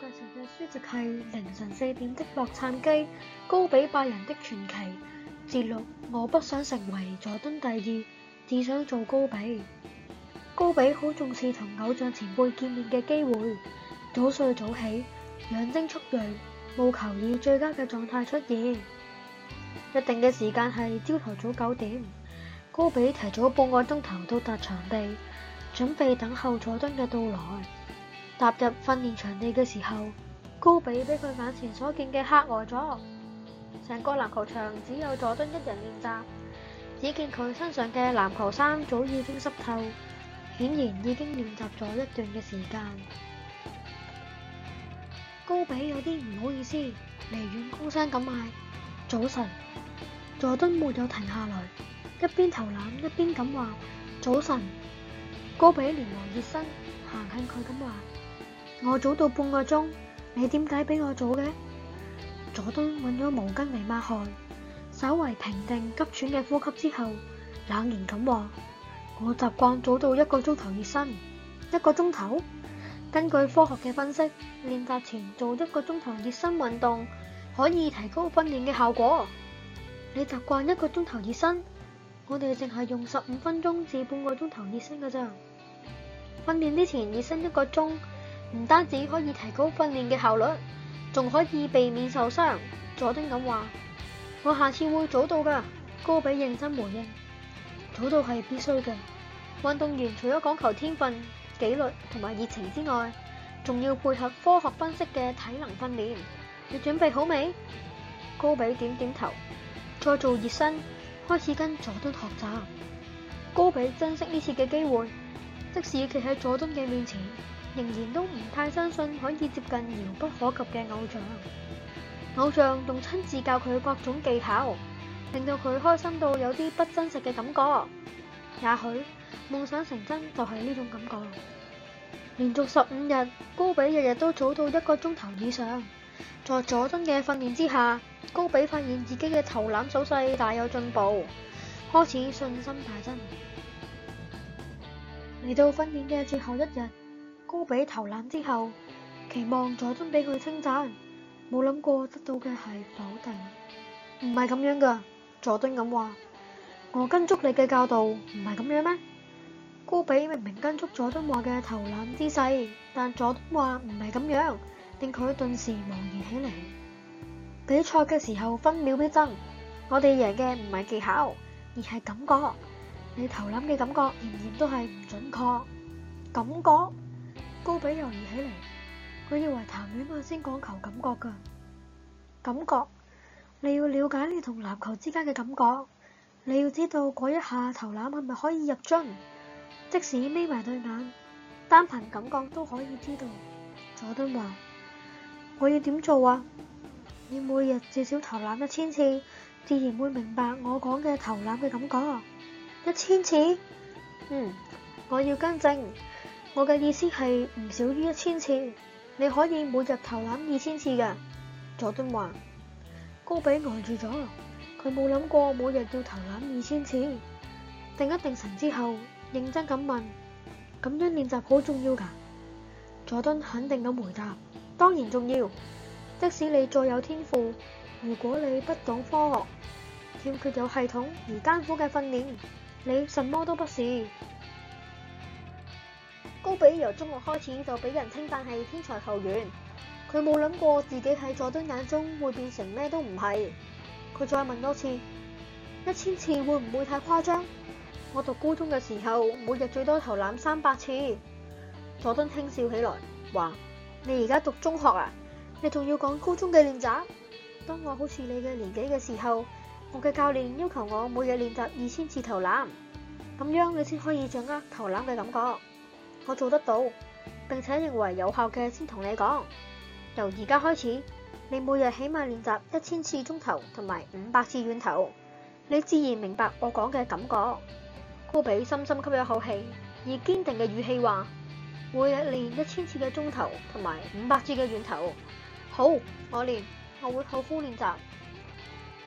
介紹嘅書籍係《凌晨四點的洛杉磯》、《高比拜仁的傳奇》、節錄：我不想成為佐敦第二，只想做高比。高比好重視同偶像前輩見面嘅機會，早睡早起，養精蓄銳，務求以最佳嘅狀態出現。約定嘅時間係朝頭早九點，高比提早半個鐘頭到達場地，準備等候佐敦嘅到來。踏入訓練場地嘅時候，高比畀佢眼前所見嘅黑呆咗。成個籃球場只有佐敦一人練習，只見佢身上嘅籃球衫早已經濕透，顯然已經練習咗一段嘅時間。高比有啲唔好意思，離遠高聲咁嗌：早晨。佐敦沒有停下來，一邊投籃一邊咁話：早晨。高比連忙熱身行向佢咁話。我早到半個鐘，你點解比我早嘅？佐敦揾咗毛巾嚟抹汗，稍為平定急喘嘅呼吸之後，冷然咁話：我習慣早到一個鐘頭熱身，一個鐘頭？根據科學嘅分析，練習前做一個鐘頭熱身運動，可以提高訓練嘅效果。你習慣一個鐘頭熱身，我哋淨係用十五分鐘至半個鐘頭熱身噶咋。訓練之前熱身一個鐘。唔單止可以提高訓練嘅效率，仲可以避免受傷。佐敦咁話：「我下次會早到㗎。高比認真回應：「早到係必須嘅。運動員除咗講求天分、紀律同埋熱情之外，仲要配合科學分析嘅體能訓練。你準備好未？高比點點頭，再做熱身，開始跟佐敦學習。高比珍惜呢次嘅機會，即使企喺佐敦嘅面前，仍然都唔太相信可以接近遙不可及嘅偶像，偶像仲親自教佢各種技巧，令到佢開心到有啲不真實嘅感覺。也許夢想成真就係呢種感覺。連續十五日，高比日日都早到一個鐘頭以上，在佐敦嘅訓練之下，高比發現自己嘅投籃手勢大有進步，開始信心大增。嚟到訓練嘅最後一日。高比投籃之後，期望佐敦俾佢稱讚，冇諗過得到嘅係否定。唔係咁樣噶，佐敦咁話：我跟足你嘅教導，唔係咁樣咩？高比明明跟足佐敦話嘅投籃姿勢，但佐敦話唔係咁樣，令佢頓時茫然起嚟。比賽嘅時候分秒必爭，我哋贏嘅唔係技巧，而係感覺。你投籃嘅感覺仍然都係唔準確，感覺。高比猶豫起嚟，佢以為談戀愛先講求感覺噶。感覺，你要了解你同籃球之間嘅感覺，你要知道嗰一下投籃係咪可以入樽，即使眯埋對眼，單憑感覺都可以知道。佐敦話：我要點做啊？你每日至少投籃一千次，自然會明白我講嘅投籃嘅感覺。一千次？嗯，我要更正。我嘅意思係唔少於一千次，你可以每日投籃二千次嘅。佐敦話：高比呆住咗，佢冇諗過每日要投籃二千次。定一定神之後，認真咁問：咁樣練習好重要噶？佐敦肯定咁回答：當然重要。即使你再有天賦，如果你不懂科學，欠缺有系統而艱苦嘅訓練，你什麼都不是。高比由中學開始就俾人稱讚係天才球員，佢冇諗過自己喺佐敦眼中會變成咩都唔係。佢再問多次，一千次會唔會太誇張？我讀高中嘅時候，每日最多投籃三百次。佐敦輕笑起來，話：你而家讀中學啊？你仲要講高中嘅練習？當我好似你嘅年紀嘅時候，我嘅教練要求我每日練習二千次投籃，咁樣你先可以掌握投籃嘅感覺。我做得到，並且認為有效嘅先同你講。由而家開始，你每日起碼練習一千次中投同埋五百次遠投。你自然明白我講嘅感覺。高比深深吸一口氣，以堅定嘅語氣話：每日練一千次嘅中投同埋五百次嘅遠投。好，我練，我會好好練習。